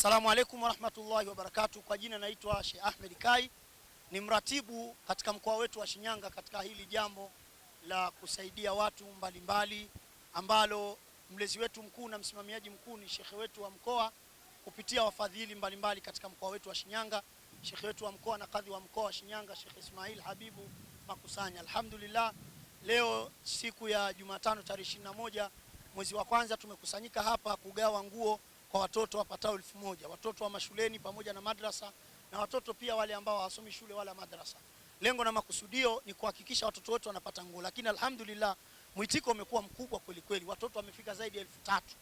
Assalamu alaikum warahmatullahi wabarakatuh. Kwa jina naitwa Sheikh Ahmed Kai, ni mratibu katika mkoa wetu wa Shinyanga katika hili jambo la kusaidia watu mbalimbali mbali, ambalo mlezi wetu mkuu na msimamiaji mkuu ni shekhe wetu wa mkoa kupitia wafadhili mbalimbali mbali katika mkoa wetu wa Shinyanga, shekhe wetu wa mkoa na kadhi wa mkoa wa Shinyanga Sheikh Ismail Habibu Makusanya. Alhamdulillah, leo siku ya Jumatano tarehe 21 mwezi wa kwanza tumekusanyika hapa kugawa nguo kwa watoto wapatao elfu moja watoto wa mashuleni pamoja na madrasa na watoto pia wale ambao hawasomi shule wala madrasa. Lengo na makusudio ni kuhakikisha watoto wote wanapata nguo, lakini alhamdulillah mwitiko umekuwa mkubwa kweli kweli. Watoto wamefika zaidi ya elfu tatu.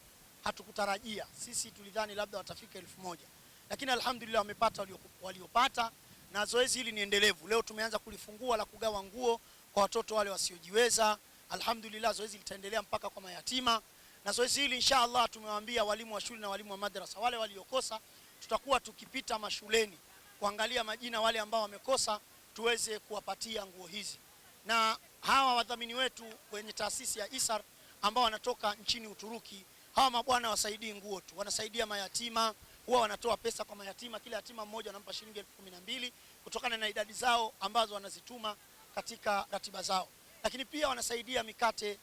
Hatukutarajia sisi, tulidhani labda watafika elfu moja lakini alhamdulillah wamepata waliopata, na zoezi hili ni endelevu. Leo tumeanza kulifungua la kugawa nguo kwa watoto wale wasiojiweza. Alhamdulillah zoezi litaendelea mpaka kwa mayatima na zoezi hili allah tumewaambia walimu wa shule na walimu wa madrasa wale waliokosa, tutakuwa tukipita mashuleni kuangalia majina wale ambao wamekosa, tuweze kuwapatia nguo hizi, na hawa wadhamini wetu kwenye taasisi ya Isar ambao wanatoka nchini Uturuki, hawa mabwana wasaidii nguo tu, wanasaidia mayatima, huwa wanatoa pesa kwa mayatima. Kila yatima mmoja wanampa shilingi elfu kumi na mbili kutokana na idadi zao ambazo wanazituma katika ratiba zao, lakini pia wanasaidia mikate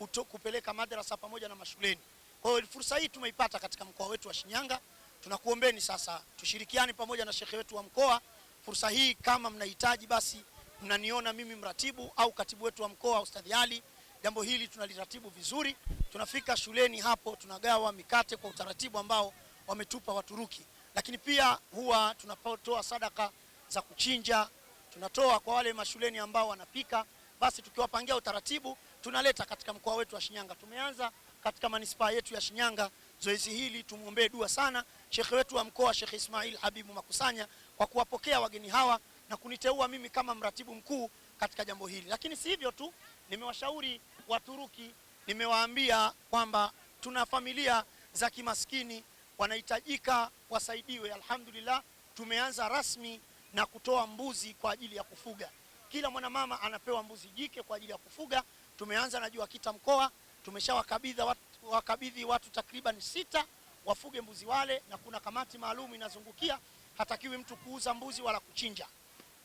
kuto, kupeleka madrasa pamoja na mashuleni. Kwa hiyo fursa hii tumeipata katika mkoa wetu wa Shinyanga. Tunakuombeni sasa tushirikiane pamoja na shekhe wetu wa mkoa. Fursa hii kama mnahitaji, basi mnaniona mimi mratibu au katibu wetu wa mkoa Ustadhi Ali, jambo hili tunaliratibu vizuri. Tunafika shuleni hapo, tunagawa mikate kwa utaratibu ambao wametupa Waturuki, lakini pia huwa tunapotoa sadaka za kuchinja tunatoa kwa wale mashuleni ambao wanapika, basi tukiwapangia utaratibu tunaleta katika mkoa wetu wa Shinyanga. Tumeanza katika manispaa yetu ya Shinyanga zoezi hili, tumwombee dua sana shekhe wetu wa mkoa Shekhe Ismail Habibu Makusanya kwa kuwapokea wageni hawa na kuniteua mimi kama mratibu mkuu katika jambo hili. Lakini si hivyo tu, nimewashauri Waturuki, nimewaambia kwamba tuna familia za kimaskini wanahitajika wasaidiwe. Alhamdulillah, tumeanza rasmi na kutoa mbuzi kwa ajili ya kufuga. Kila mwanamama anapewa mbuzi jike kwa ajili ya kufuga. Tumeanza na kita mkoa, tumeshawakabidhi watu, wakabidhi watu takriban sita wafuge mbuzi wale, na kuna kamati maalum inazungukia. Hatakiwi mtu kuuza mbuzi wala kuchinja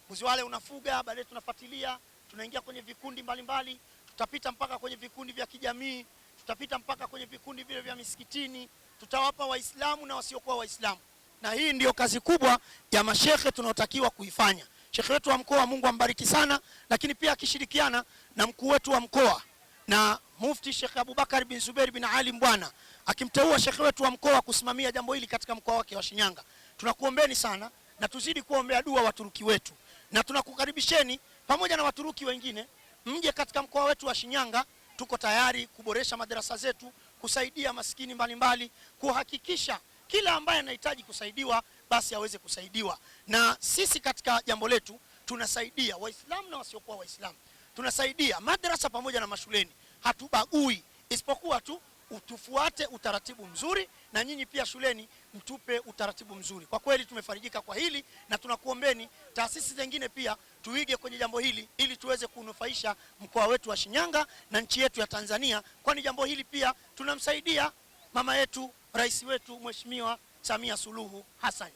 mbuzi wale, unafuga baadaye, tunafuatilia, tunaingia kwenye vikundi mbalimbali mbali. Tutapita mpaka kwenye vikundi vya kijamii, tutapita mpaka kwenye vikundi vile vya misikitini, tutawapa Waislamu na wasiokuwa Waislamu, na hii ndiyo kazi kubwa ya mashehe tunaotakiwa kuifanya. Shekhe wetu wa mkoa, Mungu ambariki sana, lakini pia akishirikiana na mkuu wetu wa mkoa na Mufti Shekhe Abubakar bin Zuberi bin Ali Mbwana akimteua shekhe wetu wa mkoa kusimamia jambo hili katika mkoa wake wa Shinyanga. Tunakuombeni sana na tuzidi kuombea dua Waturuki wetu, na tunakukaribisheni pamoja na Waturuki wengine mje katika mkoa wetu wa Shinyanga. Tuko tayari kuboresha madarasa zetu, kusaidia maskini mbalimbali, kuhakikisha kila ambaye anahitaji kusaidiwa basi aweze kusaidiwa. Na sisi katika jambo letu tunasaidia Waislamu na wasiokuwa Waislamu, tunasaidia madrasa pamoja na mashuleni, hatubagui, isipokuwa tu tufuate utaratibu mzuri, na nyinyi pia shuleni mtupe utaratibu mzuri. Kwa kweli tumefarijika kwa hili, na tunakuombeni taasisi zingine pia tuige kwenye jambo hili, ili tuweze kunufaisha mkoa wetu wa Shinyanga na nchi yetu ya Tanzania, kwani jambo hili pia tunamsaidia mama yetu, rais wetu, mheshimiwa Samia Suluhu Hassan.